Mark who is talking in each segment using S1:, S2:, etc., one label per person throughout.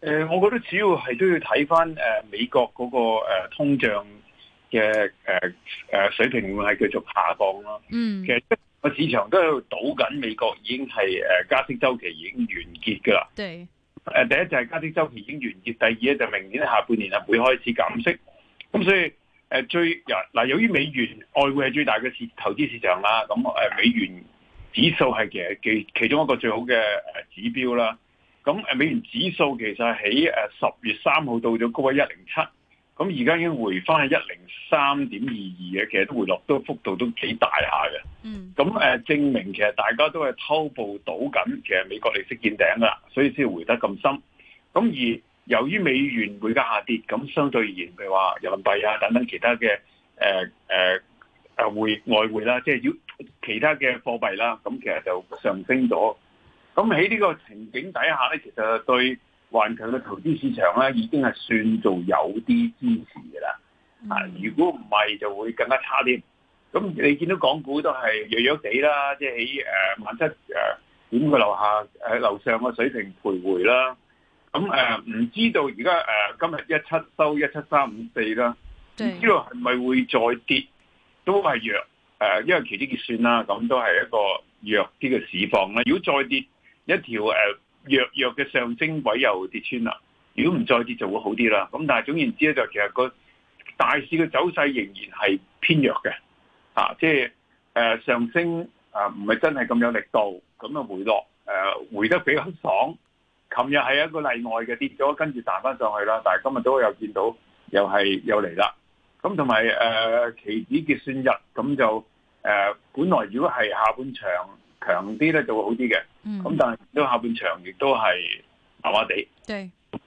S1: 誒、呃，我覺得主要係都要睇翻誒美國嗰、那個誒、呃、通脹嘅誒誒水平會係繼續下降咯。嗯，其實個市場都喺度賭緊美國已經係誒、呃、加息周期已經完結噶啦。對。誒、呃，第一就係加息周期已經完結，第二咧就是明年下半年啊會開始減息。咁所以誒、呃、最嗱、呃、由於美元外匯係最大嘅市投資市場啦，咁誒、呃呃、美元指數係其實其其、其中一個最好嘅指標啦。咁誒美元指數其實喺誒十月三號到咗高位一零七，咁而家已經回翻去一零三點二二嘅，其實都回落都幅度都幾大下嘅。嗯，咁誒證明其實大家都係偷步倒緊，其實美國利息見頂啦，所以先回得咁深。咁而由於美元匯價下跌，咁相對而言，譬如話人民幣啊等等其他嘅誒誒誒匯外匯啦，即係要其他嘅貨幣啦，咁其實就上升咗。咁喺呢個情景底下咧，其實對環球嘅投資市場咧已經係算做有啲支持嘅啦。Mm. 啊，如果唔係就會更加差啲。咁你見到港股都係弱弱地啦，即係喺誒萬七點嘅、呃、樓下喺樓上嘅水平徘，徘徊啦。咁誒唔知道而家、呃、今日一七收一七三五四啦，唔知道係咪會再跌？都係弱、呃、因為期指結算啦，咁都係一個弱啲嘅市況啦。如果再跌，一條誒、呃、弱弱嘅上升位又跌穿啦，如果唔再跌就會好啲啦。咁但係總言之咧、就是，就其實個大市嘅走勢仍然係偏弱嘅，啊，即係誒上升啊，呃、唔係真係咁有力度，咁啊回落誒、呃、回得比較爽。琴日係一個例外嘅跌咗，跟住彈翻上去啦，但係今日都有見到又係又嚟啦。咁同埋誒期指結算日，咁就誒、呃、本來如果係下半場，強啲咧就會好啲嘅，咁、嗯、但係到下半場亦都係麻麻地，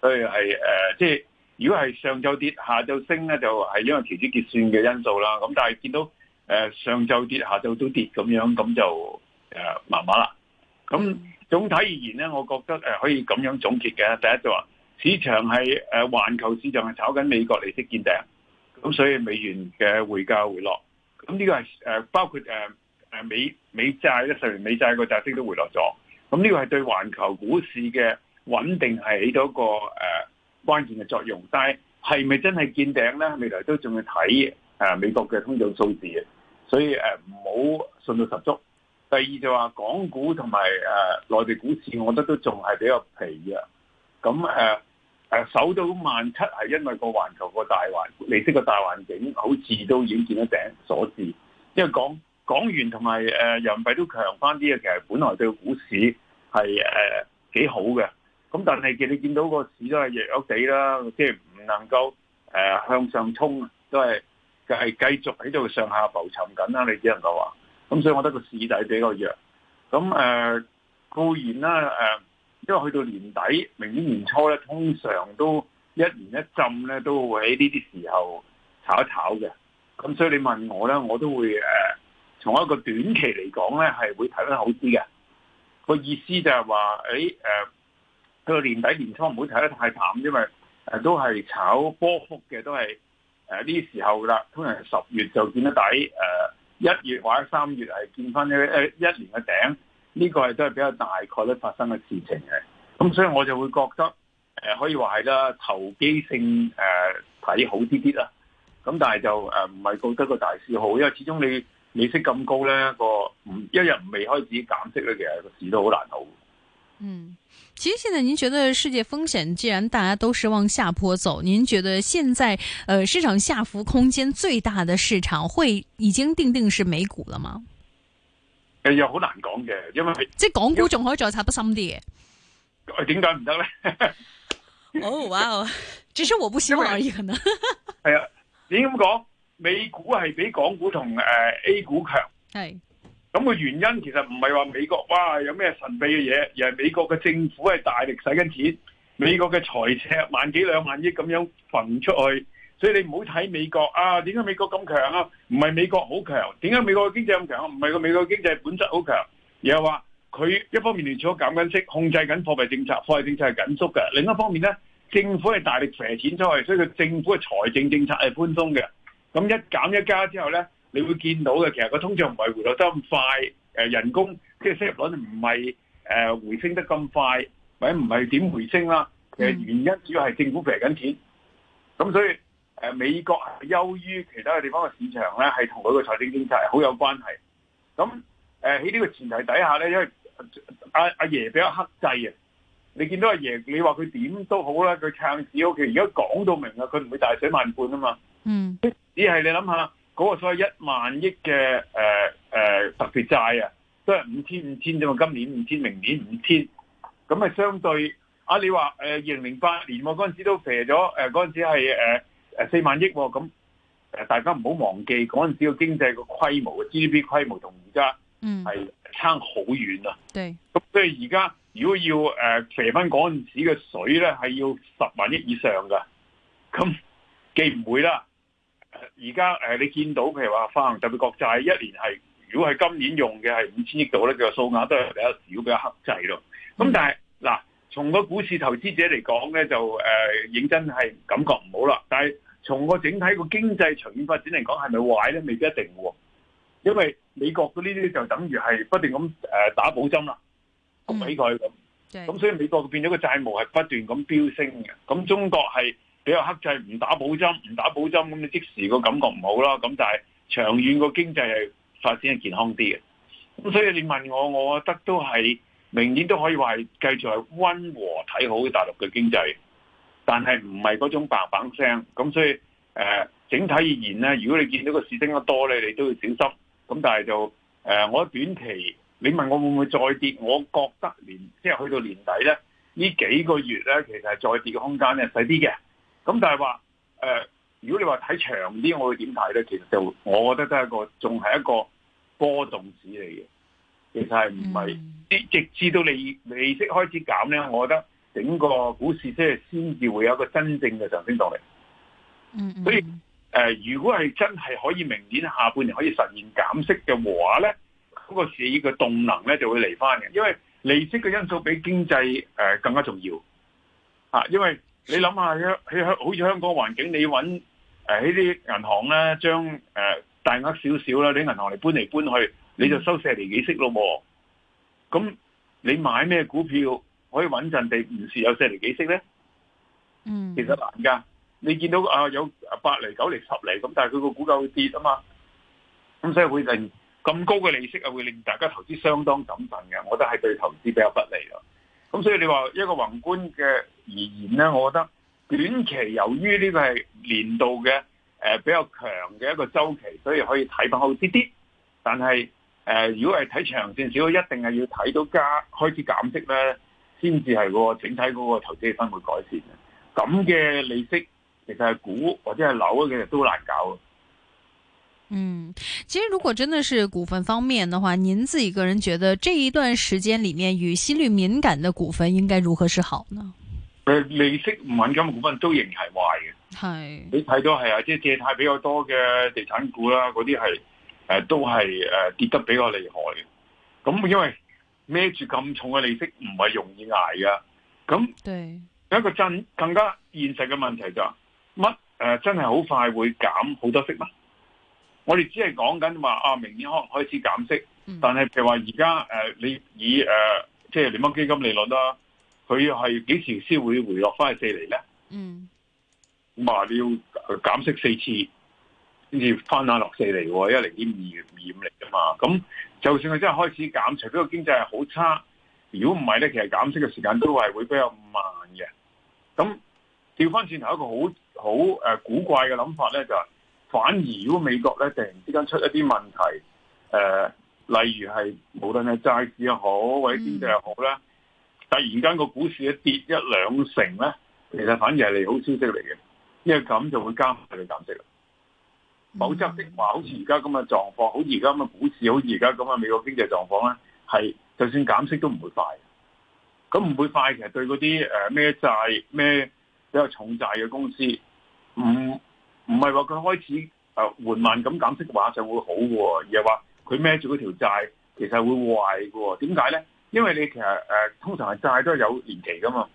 S1: 所以係誒、呃，即係如果係上晝跌，下晝升咧，就係、是、因為期指結算嘅因素啦。咁但係見到誒、呃、上晝跌，下晝都跌咁樣，咁就誒麻麻啦。咁、呃、總體而言咧、嗯，我覺得誒可以咁樣總結嘅。第一就話市場係誒環球市場係炒緊美國利息見頂，咁所以美元嘅匯價回落。咁呢個係誒、呃、包括誒。呃美美債，一十年美債個債息都回落咗，咁呢個係對環球股市嘅穩定係起到一個誒關鍵嘅作用。但係係咪真係見頂咧？未來都仲要睇誒美國嘅通脹數字嘅。所以誒唔好信到十足。第二就話港股同埋誒內地股市，我覺得都仲係比較疲弱。咁誒誒守到萬七係因為個環球個大環利息個大環境好似都已經見到頂所致。因為港港元同埋誒人民幣都強返啲嘅，其實本來對股市係誒幾好嘅，咁但係嘅你見到個市都係弱弱哋啦，即係唔能夠誒向上衝，都係就係繼續喺度上下浮沉緊啦。你只能夠話，咁所以我覺得個市底比較弱。咁誒固然啦，誒因為去到年底，明年年初咧，通常都一年一浸咧，都會喺呢啲時候炒一炒嘅。咁所以你問我咧，我都會誒。從一個短期嚟講咧，係會睇得好啲嘅。個意思就係話，誒、欸，到、呃、年底年初唔好睇得太淡，因為誒都係炒波幅嘅，都係誒呢時候啦。通常係十月就見得底，誒、呃、一月或者三月係見翻啲誒一年嘅頂。呢、這個係都係比較大概率發生嘅事情嘅。咁所以我就會覺得誒、呃、可以話係啦，投機性誒睇、呃、好啲啲啦。咁但係就誒唔係覺得個大市好，因為始終你。利息咁高咧，個唔一日未開始減息咧，其實個市都好難好。嗯，
S2: 其實現在您覺得世界風險既然大家都是往下坡走，您覺得現在，呃，市場下幅空間最大的市場會已經定定是美股了嗎？
S1: 誒，又好難講嘅，因為即係港股
S2: 仲可以再插得深啲
S1: 嘅。誒，點解唔得咧？
S2: 哦，哇，只是我不希望而已可能。
S1: 係 啊，點咁講？美股係比港股同誒 A 股強，係咁個原因其實唔係話美國哇有咩神秘嘅嘢，而係美國嘅政府係大力使緊錢，美國嘅財赤萬幾兩萬億咁樣揈出去，所以你唔好睇美國啊，點解美國咁強啊？唔係美國好強，點解美國嘅經濟咁強啊？唔係個美國嘅經濟本質好強，而係話佢一方面聯儲減緊息，控制緊貨幣政策，貨幣政策係緊縮嘅；另一方面呢，政府係大力揈錢出去，所以佢政府嘅財政政策係寬鬆嘅。咁一減一加之後咧，你會見到嘅，其實個通脹唔係回落得咁快，呃，人工即係收入率唔係回升得咁快，或者唔係點回升啦。原因主要係政府賠緊錢。咁所以、呃、美國係優於其他嘅地方嘅市場咧，係同佢個財政政策係好有關係。咁誒喺呢個前提底下咧，因為阿阿、啊啊、爺比較克制啊，你見到阿、啊、爺，你話佢點都好啦，佢撐市 O K。而家講到明啊，佢唔會大水漫灌啊嘛。嗯，只係你諗下嗰個所謂一萬億嘅誒誒特別債啊，都係五千五千啫嘛，今年五千，明年五千，咁咪相對啊？你話誒二零零八年我嗰陣時都肥咗，誒嗰陣時係誒誒四萬億喎，咁誒大家唔好忘記嗰陣時個經濟個規模嘅 GDP 規模同而家係差好遠啊！咁、嗯、所以而家如果要誒肥翻嗰陣時嘅水咧，係要十萬億以上噶，咁既唔會啦。而家誒，你見到譬如話發行特別國債，一年係如果係今年用嘅係五千億度咧，嘅數額都係比較少，比較克制咯。咁但係嗱，從個股市投資者嚟講咧，就誒認真係感覺唔好啦。但係從個整體個經濟長遠發展嚟講，係咪壞咧？未必一定喎，因為美國嘅呢啲就等於係不斷咁誒打保針啦，焗起佢咁，咁所以美國變咗個債務係不斷咁飆升嘅。咁中國係。比較克制不補針，唔打補針，唔打補針咁，你即時個感覺唔好啦。咁但係長遠個經濟係發展係健康啲嘅。咁所以你問我，我覺得都係明年都可以話係繼續係温和睇好的大陸嘅經濟，但係唔係嗰種白板聲。咁所以誒、呃，整體而言咧，如果你見到個市升得多咧，你都要小心。咁但係就誒、呃，我喺短期你問我會唔會再跌，我覺得年即係去到年底咧，呢幾個月咧，其實係再跌嘅空間咧細啲嘅。咁但係話誒，如果你話睇長啲，我會點睇咧？其實就我覺得都係一個仲係一個波動市嚟嘅，其實係唔係？直、嗯、直至到利利息開始減咧，我覺得整個股市即係先至會有一個真正嘅上升動力。嗯，嗯。所以誒、呃，如果係真係可以明年下半年可以實現減息嘅話咧，嗰、那個市嘅動能咧就會嚟翻嘅，因為利息嘅因素比經濟誒、呃、更加重要，啊、因為。你諗下，喺喺好似香港環境，你揾誒呢啲銀行咧，將誒大額少少啦，你銀行嚟搬嚟搬去，你就收四釐幾息咯喎。咁你買咩股票可以穩陣地唔時有四釐幾息咧？嗯，其實難噶。你見到啊有八釐、九釐、十釐咁，但係佢個股價會跌啊嘛。咁所以會令咁高嘅利息啊，會令大家投資相當謹慎嘅。我覺得係對投資比較不利咯。.咁所以你話一個宏觀嘅而言咧，我覺得短期由於呢個係年度嘅誒、呃、比較強嘅一個周期，所以可以睇返好啲啲。但係誒、呃，如果係睇長線，至少一定係要睇到加開始減息咧，先至係個整體嗰個投資氣氛改善嘅。咁嘅利息其實係股或者係樓其實都難搞。
S2: 嗯，其實如果真的是股份方面的話，您自己個人覺得這一段時間裏面與息率敏感的股份應該如何是好呢？誒、
S1: 呃，利息唔敏感嘅股份都仍然係壞嘅，係你睇到係啊，即係借貸比較多嘅地產股啦、啊，嗰啲係誒都係誒、呃、跌得比較厲害嘅。咁、嗯、因為孭住咁重嘅利息唔係容易挨噶。咁、嗯、對有一個更加現實嘅問題就乜、是、誒、呃、真係好快會減好多息嗎？我哋只係講緊話啊，明年可能開始減息，但係譬如話而家誒，你以誒即係聯邦基金利率啦，佢係幾時先會回落翻去四厘咧？
S2: 嗯，
S1: 咁啊，你要減息四次先至翻下落四厘，因為零點二五五嚟噶嘛。咁就算佢真係開始減，除非個經濟係好差，如果唔係咧，其實減息嘅時間都係會比較慢嘅。咁調翻轉頭一個好好誒古怪嘅諗法咧，就係、是。反而如果美國咧突然之間出一啲問題，誒、呃，例如係無論係債市又好，或者經濟又好咧、嗯，突然間個股市一跌一兩成咧，其實反而係利好消息嚟嘅，因為咁就會加快佢減息。否則的話，好似而家咁嘅狀況，好似而家咁嘅股市，好似而家咁嘅美國經濟狀況咧，係就算減息都唔會快。咁唔會快其實對嗰啲誒咩債咩比較重債嘅公司。唔係話佢開始誒緩慢咁減息嘅話就會好嘅，而係話佢孭住嗰條債其實會壞喎。點解咧？因為你其實誒、呃、通常係債都係有年期㗎嘛。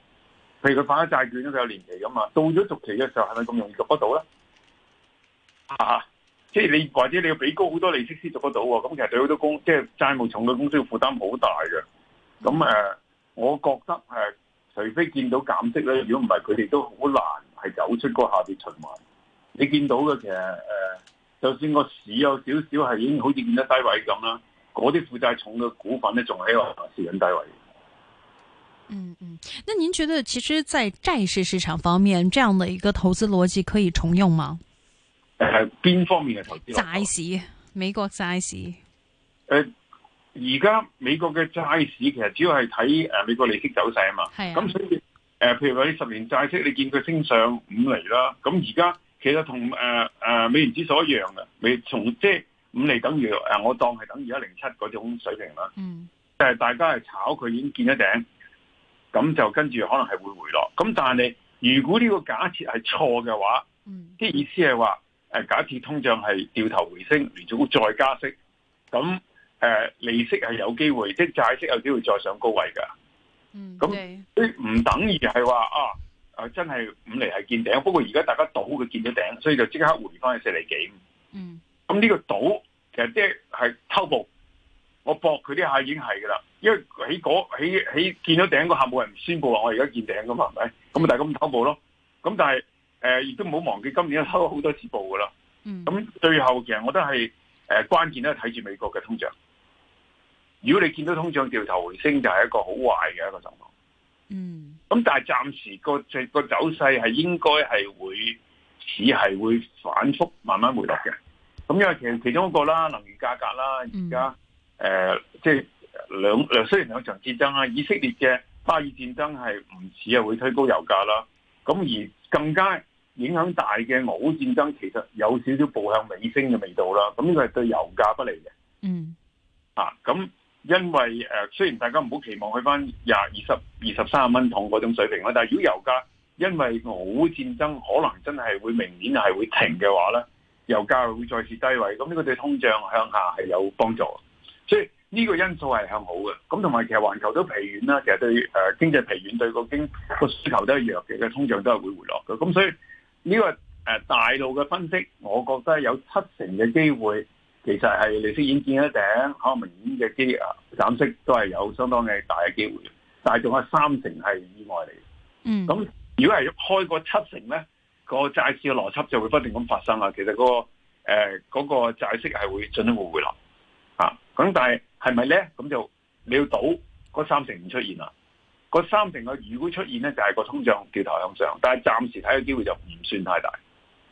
S1: 譬如佢發咗債券，佢有年期㗎嘛。到咗續期嘅時候，係咪咁容易續得到咧？啊，即係你或者你要俾高好多利息先續得到喎。咁其實對好多公即係債務重嘅公司嘅負擔好大嘅。咁、呃、我覺得誒，除、呃、非見到減息咧，如果唔係，佢哋都好難係走出嗰個下跌循環。你見到嘅其實誒、呃，就算個市有少少係已經好似見得低位咁啦，嗰啲負債重嘅股份咧，仲喺度持緊低位。嗯嗯，
S2: 那您覺得其實在債市市場方面，這樣的一個投資邏輯可以重用嗎？
S1: 誒、呃，邊方面嘅投資？
S2: 債市，美國債市。
S1: 誒、呃，而家美國嘅債市其實主要係睇誒美國利息走勢啊嘛。係啊。咁所以誒、呃，譬如話啲十年債息，你見佢升上五厘啦，咁而家。其實同誒誒美元指數一樣嘅，美從即係五厘等於誒我當係等於一零七嗰種水平啦。嗯，但係大家係炒佢已經見咗頂，咁就跟住可能係會回落。咁但係如果呢個假設係錯嘅話，啲、嗯、意思係話誒假設通脹係掉頭回升，聯儲會再加息，咁誒、呃、利息係有機會，即係債息有機會再上高位噶。嗯，
S2: 咁唔等於係話啊？
S1: 誒、啊，真係五厘係見頂，不過而家大家賭佢見咗頂，所以就即刻回翻去四厘幾。嗯、咁、嗯、呢、這個賭其實即係偷步，我搏佢啲下已經係噶啦，因為喺嗰喺喺見咗頂個客冇人宣布話我而家見頂噶嘛，係咪？咁啊，但係咁偷步咯。咁但係誒，亦、呃、都唔好忘記今年都偷咗好多次步噶啦。咁、嗯、最後其實我都係誒、呃、關鍵都係睇住美國嘅通脹。如果你見到通脹掉頭回升，就係、是、一個好壞嘅一個狀況。嗯，咁但係暫時個即係個走勢係應該係會似係會反覆慢慢回落嘅，咁因為其實其中一個啦，能源價格啦，而家誒即係兩雖然兩場戰爭啦，以色列嘅巴以戰爭係唔似係會推高油價啦，咁而更加影響大嘅俄烏戰爭其實有少少步向尾聲嘅味道啦，咁呢個係對油價不利嘅，嗯，啊咁。因為誒、呃，雖然大家唔好期望去翻廿、二十、二十三蚊桶嗰種水平啦，但係如果油價因為俄烏戰爭可能真係會明年係會停嘅話咧，油價會再次低位，咁呢個對通脹向下係有幫助，所以呢個因素係向好嘅。咁同埋其實環球都疲軟啦，其實對誒、呃、經濟疲軟，對個經，這個需求都係弱嘅，嘅通脹都係會回落嘅。咁所以呢、這個誒、呃、大路嘅分析，我覺得有七成嘅機會。其實係利息已經見咗頂，可能明年嘅基息減息都係有相當嘅大嘅機會。但係仲有三成係意外嚟，嗯。咁如果係開過七成咧，嗰個債市嘅邏輯就會不斷咁發生啦。其實嗰、嗰個誒、呃、嗰個債息係會進一步回落咁、啊、但係係咪咧？咁就你要賭嗰三成唔出現啦。嗰三成嘅如果出現咧，就係、是、個通脹調頭向上。但係暫時睇嘅機會就唔算太大。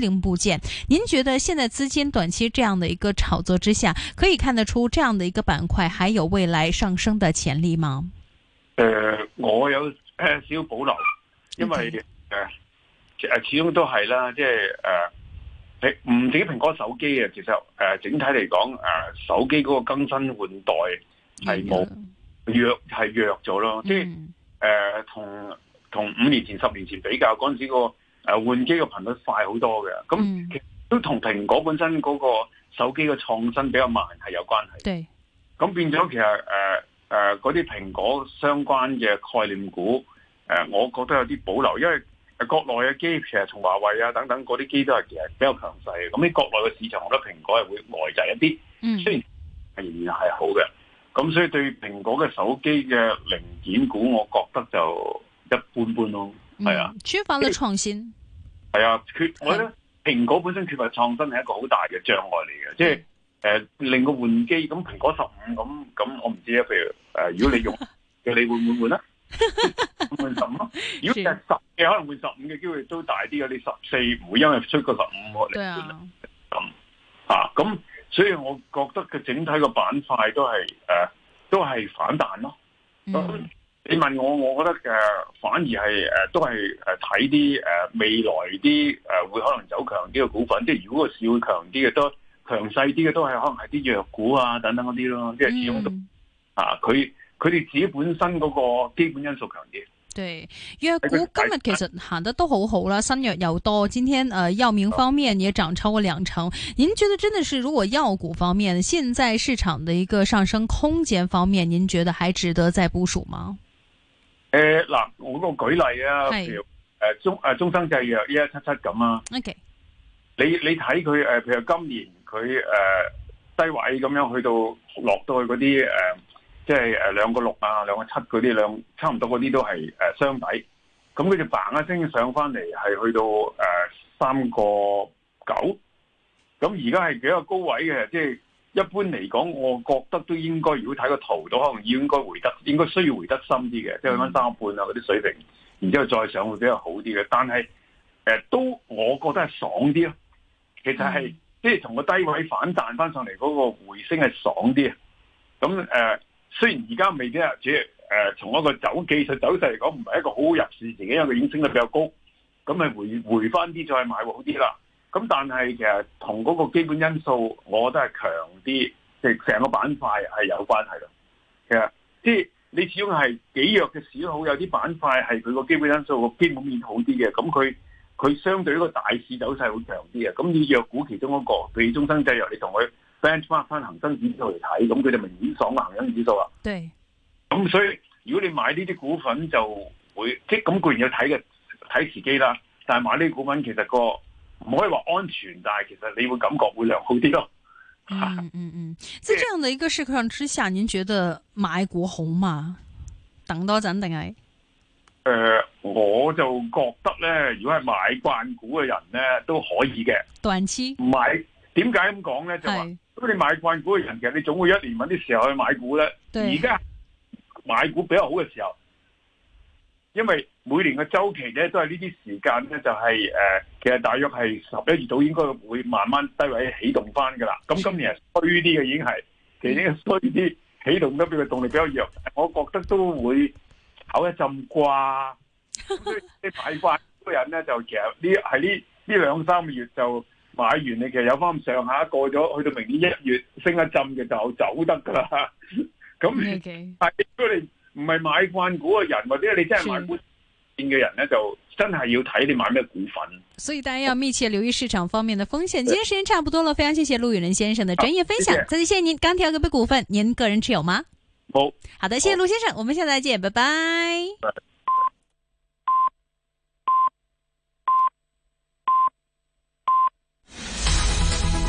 S2: 零部件，您覺得現在資金短期這樣的一個炒作之下，可以看得出這樣的一個板塊還有未來上升的潛力嗎？誒、
S1: 呃，我有少、呃、少保留，因為誒，誒、Okay. 呃，始終都係啦，即係誒，唔、呃、止蘋果手機啊，其實誒、呃，整體嚟講誒，手機嗰個更新換代係冇，mm -hmm. 弱係弱咗咯，mm -hmm. 即係誒，同同五年前、十年前比較嗰陣時嗰個。誒、啊，換機嘅頻率快好多嘅，咁其實都同蘋果本身嗰個手機嘅創新比較慢係有關係。對。咁變咗其實誒誒嗰啲蘋果相關嘅概念股，誒、呃、我覺得有啲保留，因為國內嘅機其實從華為啊等等嗰啲機都係其實比較強勢。咁喺國內嘅市場，我覺得蘋果係會捱滯一啲。嗯，雖然仍然係好嘅，咁所以對蘋果嘅手機嘅零件股，我覺得就一般般咯。係啊，
S2: 缺乏嘅創新。
S1: 係啊，缺我覺得蘋果本身缺乏創新係一個好大嘅障礙嚟嘅，即係誒、呃、令個換機咁，蘋果十五咁咁，我唔知啊。譬如誒、呃，如果你用， 你會唔會換啊？換十五咯。如果其實十嘅，可能換十五嘅機會都大啲嘅。你十四唔會因為出個十五我嚟
S2: 換咯。對
S1: 啊。咁啊，咁所以我覺得佢整體個板塊都係誒、呃，都係反彈咯。嗯嗯你問我，我覺得誒、呃、反而係誒、呃、都係誒睇啲誒未來啲誒、呃、會可能走強啲嘅股份，即係如果個市會強啲嘅都強勢啲嘅都係可能係啲藥股啊等等嗰啲咯，即係始終都、嗯、啊佢佢哋自己本身嗰個基本因素強啲。
S2: 對藥股今日其實行得都好好啦，新藥又多，今天誒藥明方面也漲超過兩成。您覺得真的是如果藥股方面現在市場的一個上升空間方面，您覺得還值得再部署嗎？
S1: 誒、呃，嗱，我嗰個舉例啊，譬如誒、呃、中誒中、呃、生製藥一一七七，咁啊。
S2: O、okay. K，
S1: 你你睇佢誒，譬如今年佢誒、呃、低位咁樣去到落到那些、呃、那他去嗰啲誒，即係誒兩個六啊，兩個七嗰啲兩差唔多嗰啲都係誒雙底。咁佢就嘣一聲上翻嚟，係去到誒三個九。咁而家係比較高位嘅，即係。一般嚟講，我覺得都應該如果睇個圖都可能應該回得，應該需要回得深啲嘅，即係翻三個半啊嗰啲水平，然之後再上會比較好啲嘅。但係誒、呃，都我覺得係爽啲咯。其實係即係從個低位反彈翻上嚟嗰個回升係爽啲啊。咁誒、呃，雖然而家未必聽住誒，從一個走技術走勢嚟講，唔係一個好好入市時機，因為已經升得比較高，咁咪回，回回翻啲再買會好啲啦。咁但係其實同嗰個基本因素我覺得強，我都係強啲，即係成個板塊係有關係啦。其實即係你始終係幾弱嘅市都好，有啲板塊係佢個基本因素個基本面好啲嘅，咁佢佢相對一個大市走勢會強啲嘅。咁你弱股其中一個，譬如中生製藥，你同佢 benchmark 翻恒生指數嚟睇，咁佢就明顯爽過恒生指數啦。對。咁所以如果你買呢啲股份就會即係咁固然要睇嘅睇時機啦，但係買呢啲股份其實個。唔可以話安全，但係其實你會感覺會良好啲咯。 嗯嗯
S2: 嗯，在這樣的一個市場之下， 您覺得買股好嘛？等多陣定係？
S1: 誒、呃，我就覺得咧，如果係買慣股嘅人咧，都可以嘅。短期？唔買？點解咁講咧？就話咁你買慣股嘅人，其實你總會一年揾啲時候去買股咧。而家買股比較好嘅時候，因為，每年嘅周期咧，都係呢啲時間咧，就係、是、誒、呃，其實大約係十一月度應該會慢慢低位起動翻嘅啦。咁今年衰啲嘅已經係，其實應該衰啲，起動得比佢動力比較弱，我覺得都會考一浸啩。咁所以啲買慣個人咧，就其實呢，喺呢呢兩三個月就買完，你其實有翻咁上下過咗，去到明年一月升一浸嘅就走得㗎啦。咁係如果你唔係買慣股嘅人，或者你真係買嘅人呢就真係要睇你買咩股份，
S2: 所以大家要密切留意市場方面的風險。今日時間差不多啦，非常謝謝陸羽仁先生的專業分享、啊謝謝，再次謝謝您。鋼鐵股份，您個人持有嗎？冇。好的，謝謝陸先生，我們下次再見，拜拜。拜拜。